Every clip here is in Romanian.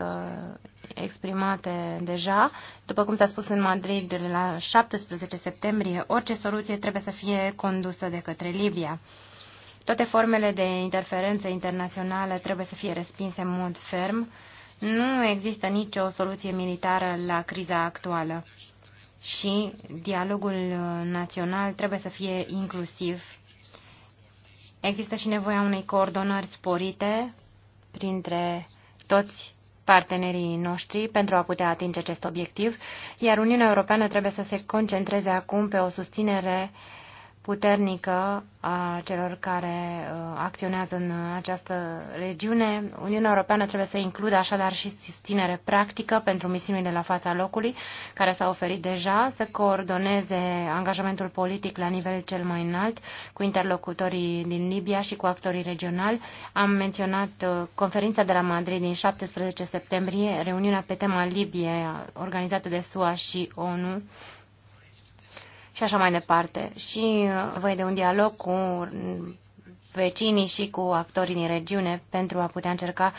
Uh, exprimate deja. După cum s-a spus în Madrid de la 17 septembrie, orice soluție trebuie să fie condusă de către Libia. Toate formele de interferență internațională trebuie să fie respinse în mod ferm. Nu există nicio soluție militară la criza actuală și dialogul național trebuie să fie inclusiv. Există și nevoia unei coordonări sporite printre toți partenerii noștri pentru a putea atinge acest obiectiv, iar Uniunea Europeană trebuie să se concentreze acum pe o susținere uh, puternică a celor care uh, acționează în această regiune. Uniunea Europeană trebuie să includă așadar și susținere practică pentru misiunile la fața locului, care s-au oferit deja, să coordoneze angajamentul politic la nivel cel mai înalt cu interlocutorii din Libia și cu actorii regionali. Am menționat uh, conferința de la Madrid din 17 septembrie, reuniunea pe tema Libie organizată de SUA și ONU și așa mai departe. Și uh, voi de un dialog cu vecinii și cu actorii din regiune pentru a putea încerca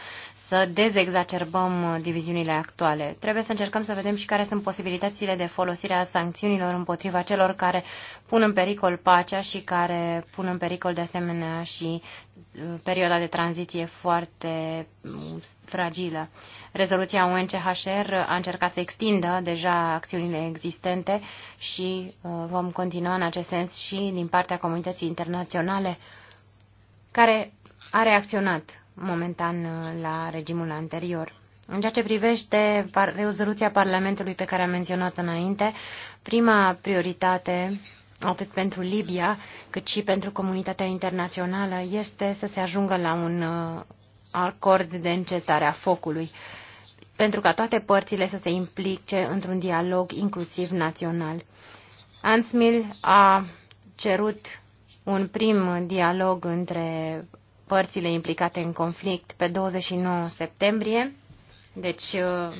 să dezexacerbăm uh, diviziunile actuale. Trebuie să încercăm să vedem și care sunt posibilitățile de folosire a sancțiunilor împotriva celor care pun în pericol pacea și care pun în pericol de asemenea și uh, perioada de tranziție foarte um, fragilă. Rezoluția UNCHR a încercat să extindă deja acțiunile existente și uh, vom continua în acest sens și din partea comunității internaționale care a reacționat momentan uh, la regimul anterior. În ceea ce privește rezoluția Parlamentului pe care am menționat înainte, prima prioritate, atât pentru Libia, cât și pentru comunitatea internațională, este să se ajungă la un uh, acord de încetare a focului, pentru ca toate părțile să se implice într-un dialog inclusiv național. Ansmil a cerut un prim dialog între părțile implicate în conflict pe 29 septembrie, deci uh,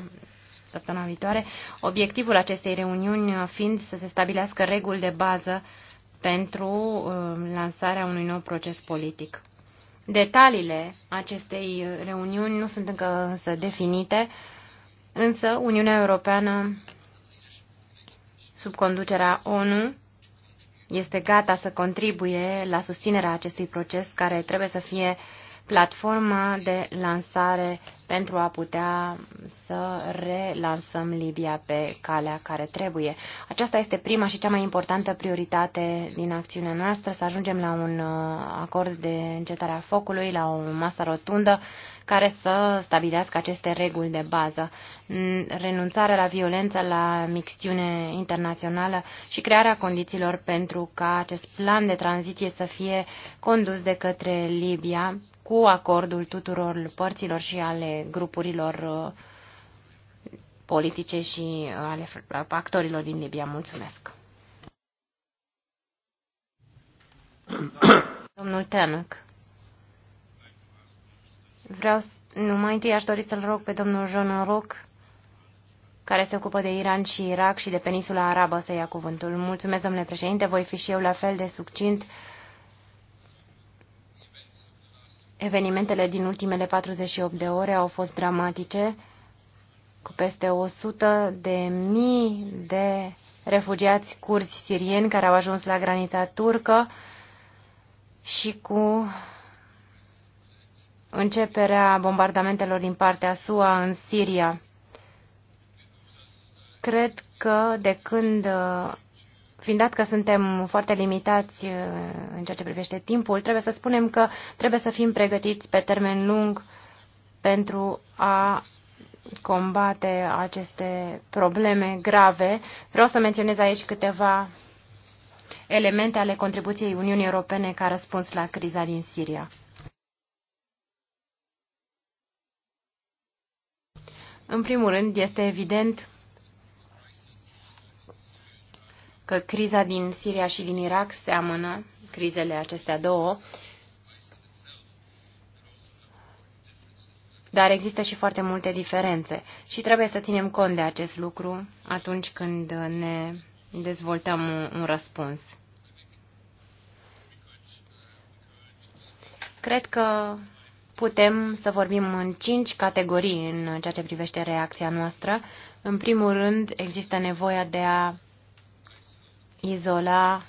săptămâna viitoare, obiectivul acestei reuniuni uh, fiind să se stabilească reguli de bază pentru uh, lansarea unui nou proces politic. Detaliile acestei reuniuni nu sunt încă însă definite, însă Uniunea Europeană, sub conducerea ONU, este gata să contribuie la susținerea acestui proces care trebuie să fie platforma de lansare pentru a putea să relansăm Libia pe calea care trebuie. Aceasta este prima și cea mai importantă prioritate din acțiunea noastră, să ajungem la un uh, acord de încetare a focului, la o masă rotundă care să stabilească aceste reguli de bază. Renunțarea la violență, la mixtiune internațională și crearea condițiilor pentru ca acest plan de tranziție să fie condus de către Libia cu acordul tuturor părților și ale grupurilor uh, politice și uh, ale uh, actorilor din Libia. Mulțumesc! Domnul Teanăc. Vreau, nu, mai întâi aș dori să-l rog pe domnul John Rock, care se ocupă de Iran și Irak și de peninsula arabă, să ia cuvântul. Mulțumesc, domnule președinte, voi fi și eu la fel de succint. Evenimentele din ultimele 48 de ore au fost dramatice, cu peste 100 de mii de refugiați curzi sirieni care au ajuns la granița turcă și cu începerea bombardamentelor din partea SUA în Siria. Cred că de când, fiind dat că suntem foarte limitați uh, în ceea ce privește timpul, trebuie să spunem că trebuie să fim pregătiți pe termen lung pentru a combate aceste probleme grave. Vreau să menționez aici câteva elemente ale contribuției Uniunii Europene ca răspuns la criza din Siria. În primul rând, este evident că criza din Siria și din Irak seamănă, crizele acestea două, dar există și foarte multe diferențe și trebuie să ținem cont de acest lucru atunci când ne dezvoltăm un răspuns. Cred că putem să vorbim în cinci categorii în ceea ce privește reacția noastră. În primul rând, există nevoia de a izola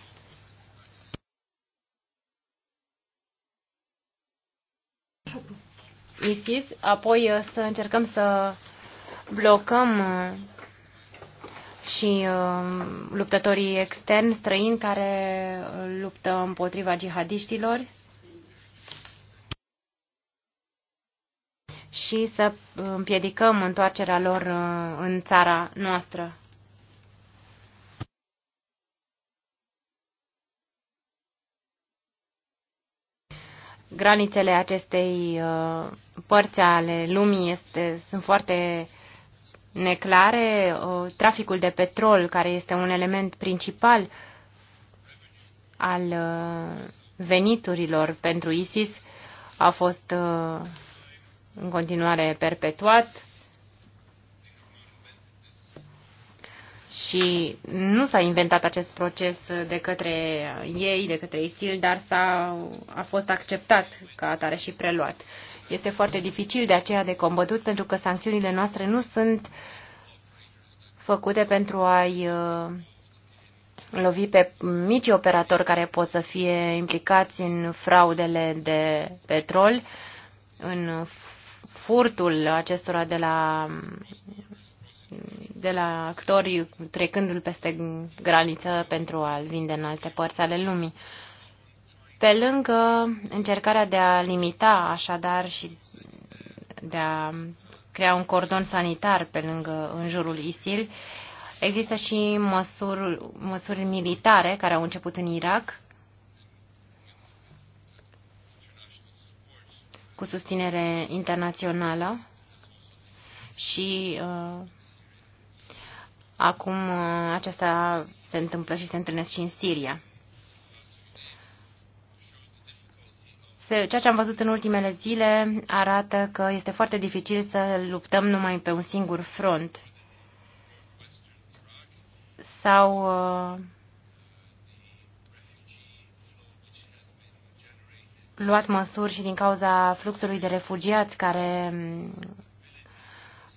ISIS, apoi uh, să încercăm să blocăm uh, și uh, luptătorii externi străini care luptă împotriva jihadiștilor și să împiedicăm întoarcerea lor uh, în țara noastră. Granițele acestei uh, părți ale lumii este, sunt foarte neclare. Uh, traficul de petrol, care este un element principal al veniturilor pentru ISIS, a fost în continuare perpetuat și nu s-a inventat acest proces de către ei, de către ISIL, dar s-a, a fost acceptat ca atare și preluat. Este foarte dificil de aceea de combătut pentru că sancțiunile noastre nu sunt făcute pentru a-i uh, lovi pe mici operatori care pot să fie implicați în fraudele de petrol, în furtul acestora de la, de la actorii trecându-l peste graniță pentru a-l vinde în alte părți ale lumii. Pe lângă încercarea de a limita așadar și de a crea un cordon sanitar pe lângă în jurul ISIL, există și măsuri, măsuri militare care au început în Irak cu susținere internațională și uh, acum uh, aceasta se întâmplă și se întâlnesc și în Siria. Se, ceea ce am văzut în ultimele zile arată că este foarte dificil să luptăm numai pe un singur front sau uh, luat măsuri și din cauza fluxului de refugiați care mm,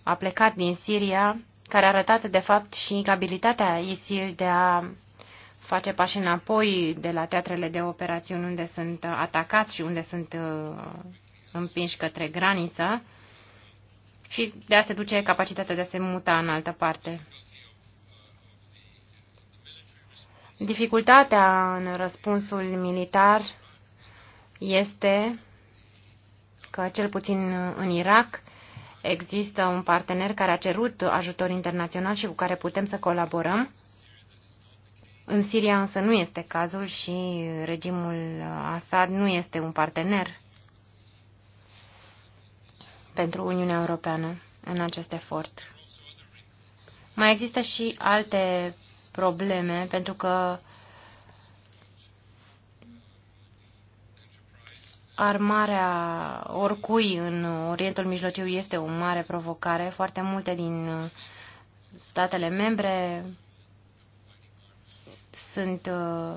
a plecat din Siria, care arătase de fapt și incabilitatea ISIL de a face pași înapoi de la teatrele de operațiuni unde sunt atacați și unde sunt uh, împinși către graniță și de a se duce capacitatea de a se muta în altă parte. Dificultatea în răspunsul militar este că, cel puțin în Irak, există un partener care a cerut ajutor internațional și cu care putem să colaborăm. În Siria însă nu este cazul și regimul Assad nu este un partener pentru Uniunea Europeană în acest efort. Mai există și alte probleme, pentru că Armarea oricui în Orientul Mijlociu este o mare provocare. Foarte multe din uh, statele membre sunt uh,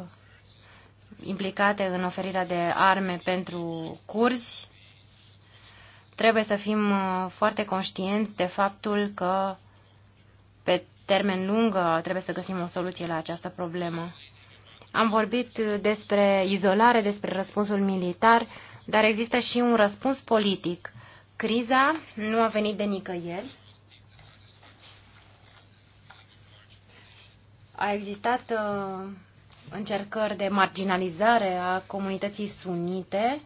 implicate în oferirea de arme pentru curzi. Trebuie să fim uh, foarte conștienți de faptul că pe termen lung trebuie să găsim o soluție la această problemă. Am vorbit despre izolare, despre răspunsul militar, dar există și un răspuns politic. Criza nu a venit de nicăieri. A existat uh, încercări de marginalizare a comunității sunite,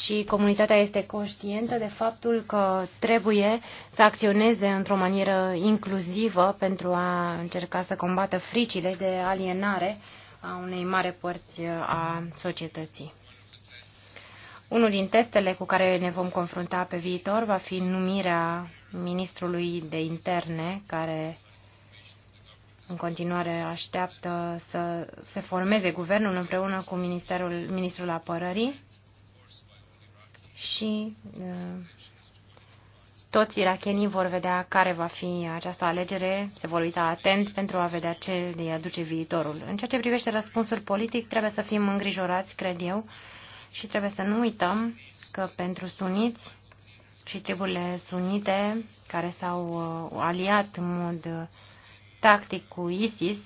și comunitatea este conștientă de faptul că trebuie să acționeze într-o manieră inclusivă pentru a încerca să combată fricile de alienare a unei mare părți a societății. Unul din testele cu care ne vom confrunta pe viitor va fi numirea ministrului de interne, care în continuare așteaptă să se formeze guvernul împreună cu Ministerul, Ministrul Apărării și uh, toți irachenii vor vedea care va fi această alegere, se vor uita atent pentru a vedea ce le aduce viitorul. În ceea ce privește răspunsul politic, trebuie să fim îngrijorați, cred eu, și trebuie să nu uităm că pentru suniți și triburile sunite care s-au uh, aliat în mod uh, tactic cu ISIS,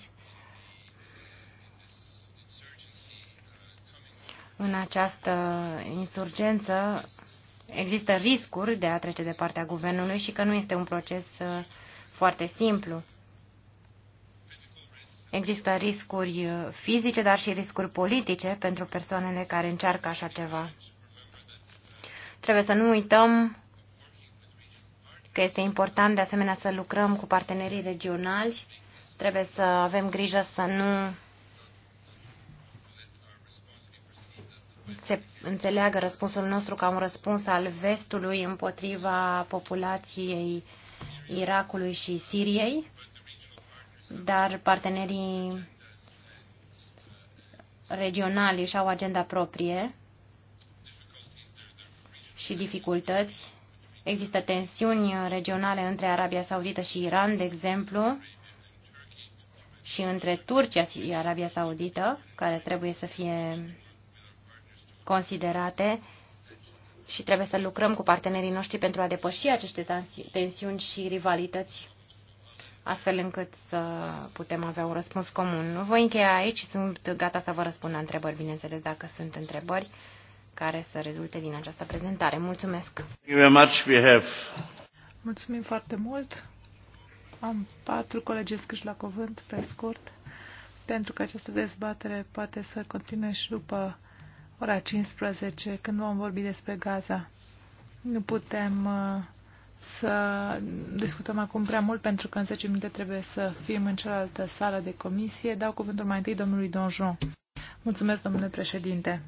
în această insurgență există riscuri de a trece de partea guvernului și că nu este un proces uh, foarte simplu. Există riscuri uh, fizice, dar și riscuri politice pentru persoanele care încearcă așa ceva. Trebuie să nu uităm că este important de asemenea să lucrăm cu partenerii regionali. Trebuie să avem grijă să nu se înțeleagă răspunsul nostru ca un răspuns al vestului împotriva populației Irakului și Siriei, dar partenerii regionali și au agenda proprie și dificultăți. Există tensiuni regionale între Arabia Saudită și Iran, de exemplu, și între Turcia și Arabia Saudită, care trebuie să fie considerate și trebuie să lucrăm cu partenerii noștri pentru a depăși aceste tensiuni și rivalități astfel încât să putem avea un răspuns comun. Voi încheia aici și sunt gata să vă răspund la întrebări, bineînțeles, dacă sunt întrebări care să rezulte din această prezentare. Mulțumesc! Mulțumim foarte mult! Am patru colegi scriși la cuvânt, pe scurt, pentru că această dezbatere poate să continue și după ora 15, când vom vorbi despre Gaza. Nu putem uh, să discutăm acum prea mult, pentru că în 10 minute trebuie să fim în cealaltă sală de comisie. Dau cuvântul mai întâi domnului Donjon. Mulțumesc, domnule președinte.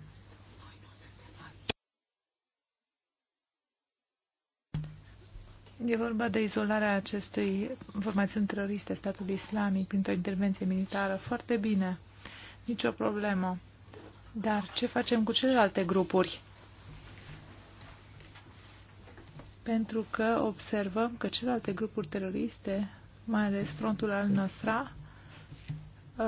E vorba de izolarea acestui formațiuni teroriste statul islamic printr-o intervenție militară. Foarte bine. Nicio problemă. Dar ce facem cu celelalte grupuri? Pentru că observăm că celelalte grupuri teroriste, mai ales frontul al nostru, uh,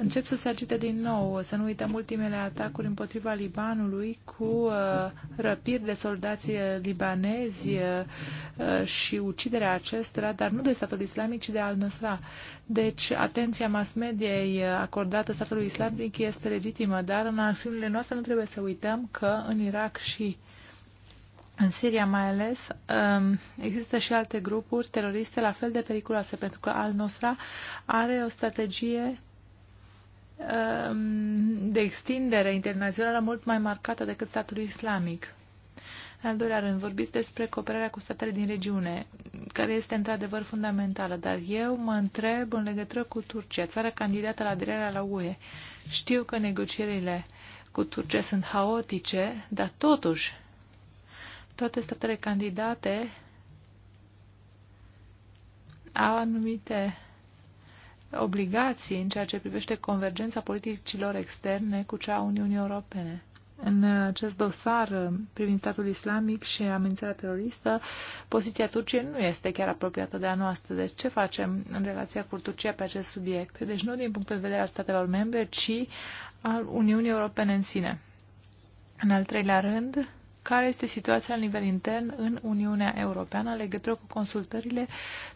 încep să se agite din nou. Să nu uităm ultimele atacuri împotriva Libanului cu uh, răpiri de soldați uh, libanezi uh, uh, și uciderea acestora, dar nu de statul islamic, ci de al-Nusra. Deci, atenția mass mediei uh, acordată statului islamic este legitimă, dar în acțiunile noastre nu trebuie să uităm că în Irak și uh, în Siria mai ales, um, există și alte grupuri teroriste la fel de periculoase, pentru că al nostru are o strategie um, de extindere internațională mult mai marcată decât statul islamic. În al doilea rând, vorbiți despre cooperarea cu statele din regiune, care este într-adevăr fundamentală, dar eu mă întreb în legătură cu Turcia, țara candidată la aderarea la UE. Știu că negocierile cu Turcia sunt haotice, dar totuși toate statele candidate au anumite obligații în ceea ce privește convergența politicilor externe cu cea a Uniunii Europene. În acest dosar privind statul islamic și amenințarea teroristă, poziția Turciei nu este chiar apropiată de a noastră. Deci ce facem în relația cu Turcia pe acest subiect? Deci nu din punctul de vedere al statelor membre, ci al Uniunii Europene în sine. În al treilea rând, care este situația la nivel intern în Uniunea Europeană legătură cu consultările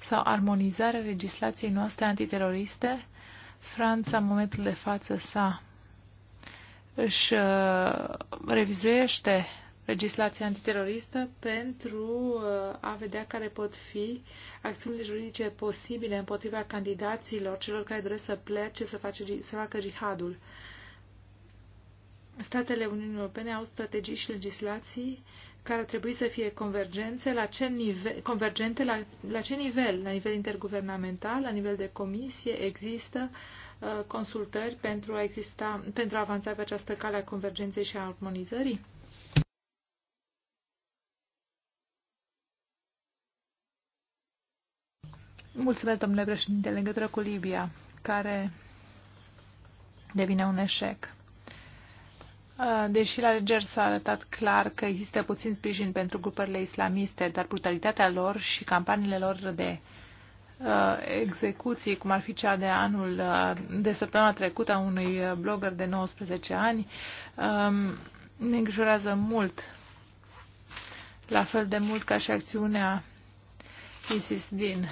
sau armonizarea legislației noastre antiteroriste. Franța, în momentul de față, sa își uh, revizuiește legislația antiteroristă pentru uh, a vedea care pot fi acțiunile juridice posibile împotriva candidaților, celor care doresc să plece, să, face, să facă jihadul statele Uniunii Europene au strategii și legislații care ar trebui să fie convergențe, la ce nivel, convergente la, la ce nivel? La nivel interguvernamental, la nivel de comisie, există uh, consultări pentru a, exista, pentru a avansa pe această cale a convergenței și a armonizării? Mulțumesc, domnule președinte, în legătură cu Libia, care devine un eșec. Uh, deși la alegeri s-a arătat clar că există puțin sprijin pentru grupările islamiste, dar brutalitatea lor și campaniile lor de uh, execuții, cum ar fi cea de anul uh, de săptămâna trecută a unui blogger de 19 ani, um, ne îngrijorează mult, la fel de mult ca și acțiunea ISIS din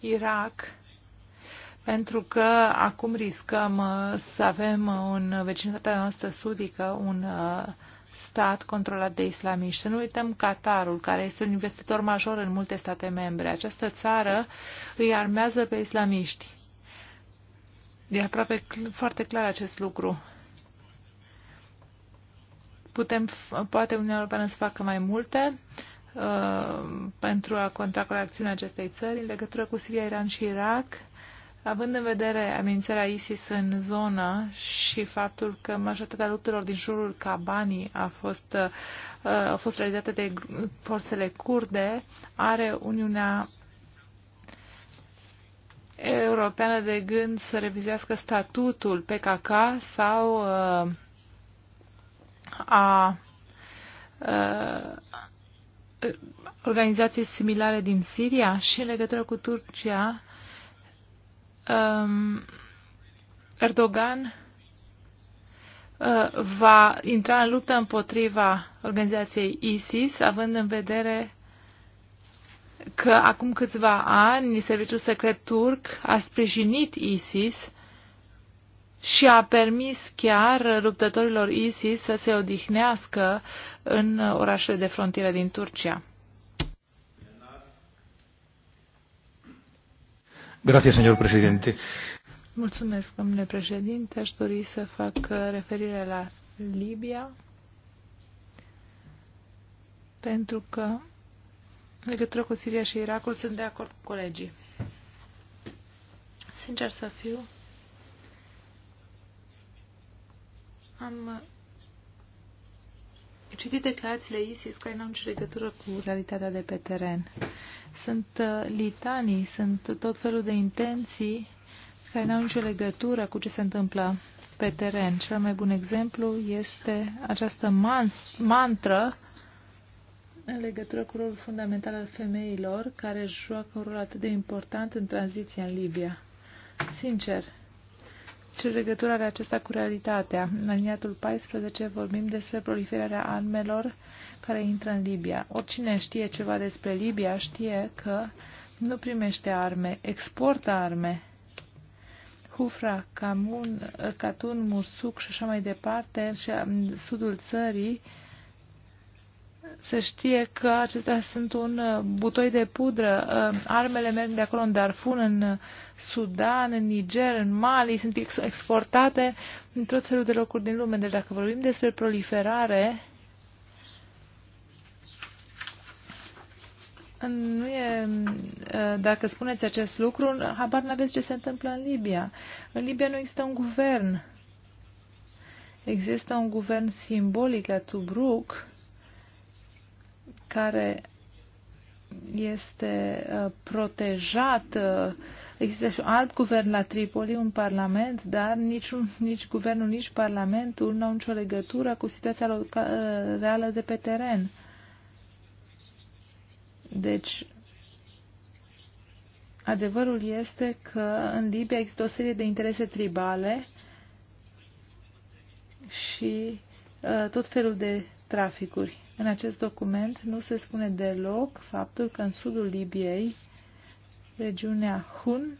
Irak pentru că acum riscăm uh, să avem în vecinătatea noastră sudică un uh, stat controlat de islamiști. Să nu uităm Qatarul, care este un investitor major în multe state membre. Această țară îi armează pe islamiști. E aproape foarte clar acest lucru. Putem, poate Uniunea Europeană să facă mai multe uh, pentru a contracara acțiunea acestei țări în legătură cu Siria, Iran și Irak. Uh, Având în vedere amenințarea ISIS în zonă și faptul că majoritatea luptelor din jurul Cabanii a fost, uh, a fost realizată de forțele kurde, are Uniunea Europeană de gând să revizească statutul PKK sau uh, a uh, organizații similare din Siria și în legătură cu Turcia um, Erdogan uh, va intra în luptă împotriva organizației ISIS, având în vedere că acum câțiva ani serviciul secret turc a sprijinit ISIS și a permis chiar luptătorilor ISIS să se odihnească în orașele de frontieră din Turcia. Gracias, señor presidente. Mulțumesc, domnule președinte. Aș dori să fac uh, referire la Libia pentru că în legătură cu Siria și Irakul sunt de acord cu colegii. Sincer să fiu, am citit declarațiile ISIS care nu au nicio legătură cu realitatea de pe teren. Sunt uh, litanii, sunt tot felul de intenții care nu au nicio legătură cu ce se întâmplă pe teren. Cel mai bun exemplu este această man mantră în legătură cu rolul fundamental al femeilor care joacă un rol atât de important în tranziția în Libia. Sincer, ce legătură are acesta cu realitatea? În aliniatul 14 vorbim despre proliferarea armelor care intră în Libia. Oricine știe ceva despre Libia știe că nu primește arme, exportă arme. Hufra, Camun, Catun, Mursuc și așa mai departe, și um, sudul țării, uh, să știe că acestea sunt un uh, butoi de pudră. Uh, armele merg de acolo în Darfur, în uh, Sudan, în Niger, în Mali, sunt exportate în tot felul de locuri din lume. Deci dacă vorbim despre proliferare, nu e, dacă spuneți acest lucru, habar n-aveți ce se întâmplă în Libia. În Libia nu există un guvern. Există un guvern simbolic la Tobruk, care este uh, protejat. Uh, există și alt guvern la Tripoli, un parlament, dar nici, nici guvernul, nici parlamentul nu au nicio legătură cu situația uh, reală de pe teren. Deci, adevărul este că în Libia există o serie de interese tribale și uh, tot felul de traficuri. În acest document nu se spune deloc faptul că în sudul Libiei, regiunea Hun,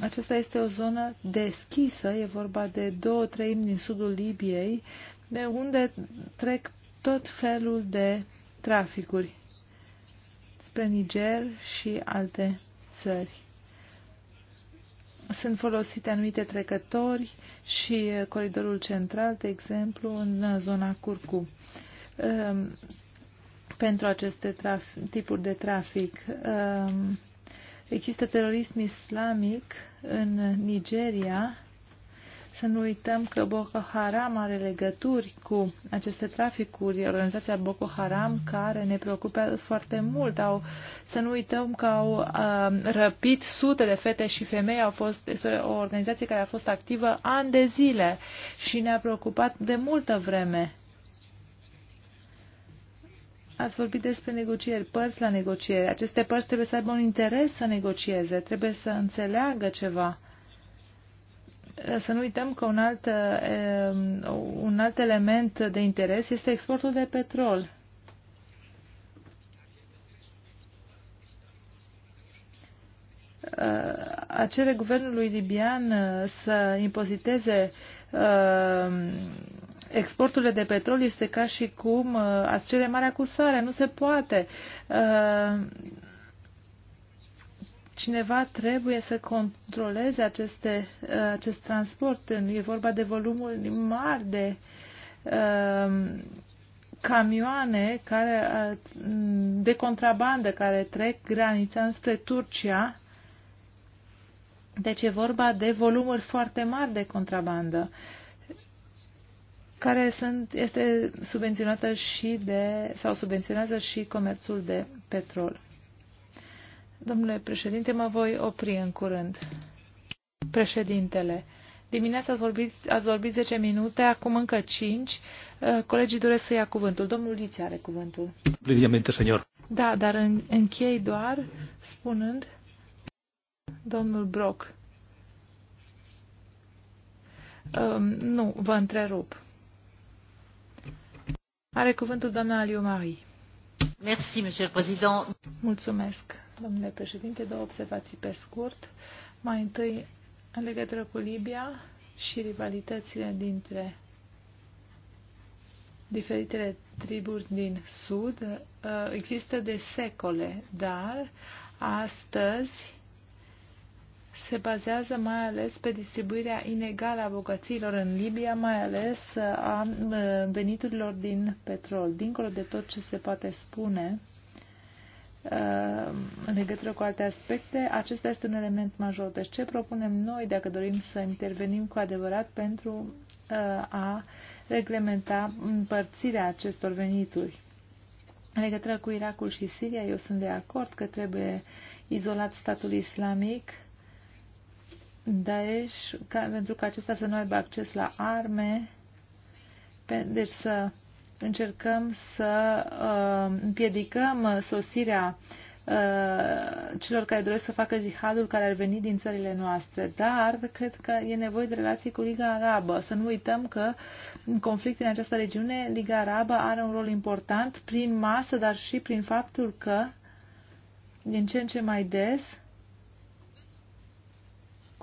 aceasta este o zonă deschisă, e vorba de două treimi din sudul Libiei, de unde trec tot felul de traficuri spre Niger și alte țări. Sunt folosite anumite trecători și coridorul central, de exemplu, în zona Curcu um, pentru aceste traf- tipuri de trafic. Um, există terorism islamic în Nigeria. Să nu uităm că Boko Haram are legături cu aceste traficuri. Organizația Boko Haram, care ne preocupă foarte mult, au, să nu uităm că au uh, răpit sute de fete și femei. Au fost, este o organizație care a fost activă ani de zile și ne-a preocupat de multă vreme Ați vorbit despre negocieri, părți la negocieri. Aceste părți trebuie să aibă un interes să negocieze, trebuie să înțeleagă ceva. Să nu uităm că un alt, um, un alt element de interes este exportul de petrol. Uh, A cere guvernului libian uh, să impoziteze uh, exporturile de petrol este ca și cum uh, ați cere marea cu sare. Nu se poate. Uh, cineva trebuie să controleze aceste, uh, acest transport. E vorba de volumul mari de camioane care, de contrabandă care trec granița înspre Turcia. Deci e vorba de volumuri foarte mari de contrabandă. Uh, care sunt, este subvenționată și de, sau subvenționează și comerțul de petrol. Domnule președinte, mă voi opri în curând. Președintele, dimineața ați vorbit, ați vorbit 10 minute, acum încă 5. Eh, colegii doresc să ia cuvântul. Domnul Liți are cuvântul. Plinimente, senior. Da, dar în, închei doar spunând domnul Brock. Um, nu, vă întrerup. Are cuvântul doamna Aliu Marie. Merci, monsieur président. Mulțumesc, domnule președinte. Două observații pe scurt. Mai întâi, în legătură cu Libia și rivalitățile dintre diferitele triburi din Sud, uh, există de secole, dar astăzi se bazează mai ales pe distribuirea inegală a bogăților în Libia, mai ales a veniturilor din petrol. Dincolo de tot ce se poate spune în legătură cu alte aspecte, acesta este un element major. Deci ce propunem noi dacă dorim să intervenim cu adevărat pentru a reglementa împărțirea acestor venituri? În legătură cu Irakul și Siria, eu sunt de acord că trebuie izolat statul islamic, Daesh ca, pentru că acesta să nu aibă acces la arme, pe, deci să încercăm să uh, împiedicăm sosirea uh, celor care doresc să facă jihadul care ar veni din țările noastre. Dar cred că e nevoie de relații cu Liga Arabă. Să nu uităm că în conflict în această regiune, Liga Arabă are un rol important prin masă, dar și prin faptul că din ce în ce mai des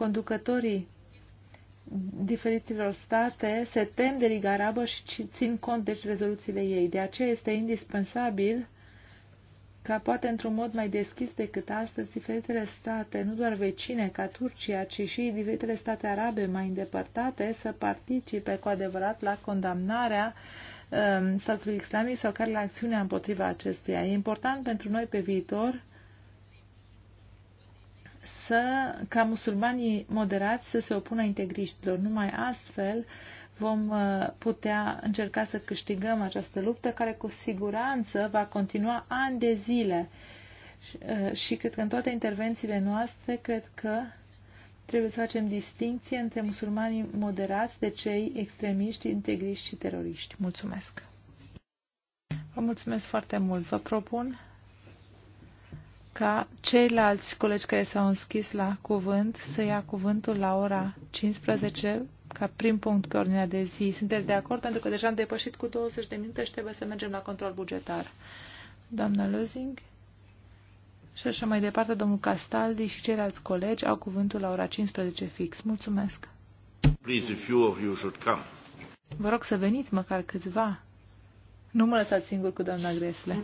Conducătorii diferitelor state se tem de Liga Arabă și țin cont deci rezoluțiile ei. De aceea este indispensabil ca poate într-un mod mai deschis decât astăzi diferitele state, nu doar vecine ca Turcia, ci și diferitele state arabe mai îndepărtate să participe cu adevărat la condamnarea um, statului islamic sau care la acțiunea împotriva acestuia. E important pentru noi pe viitor să, ca musulmanii moderați să se opună integriștilor. Numai astfel vom uh, putea încerca să câștigăm această luptă care cu siguranță va continua ani de zile. Uh, și cred că în toate intervențiile noastre, cred că trebuie să facem distinție între musulmanii moderați de cei extremiști, integriști și teroriști. Mulțumesc! Vă mulțumesc foarte mult! Vă propun ca ceilalți colegi care s-au înscris la cuvânt să ia cuvântul la ora 15 ca prim punct pe ordinea de zi. Sunteți de acord? Pentru că deja am depășit cu 20 de minute și trebuie să mergem la control bugetar. Doamna Lozing și așa mai departe, domnul Castaldi și ceilalți colegi au cuvântul la ora 15 fix. Mulțumesc! Please, a few of you should come. Vă rog să veniți măcar câțiva. Nu mă lăsați singur cu doamna Gresle.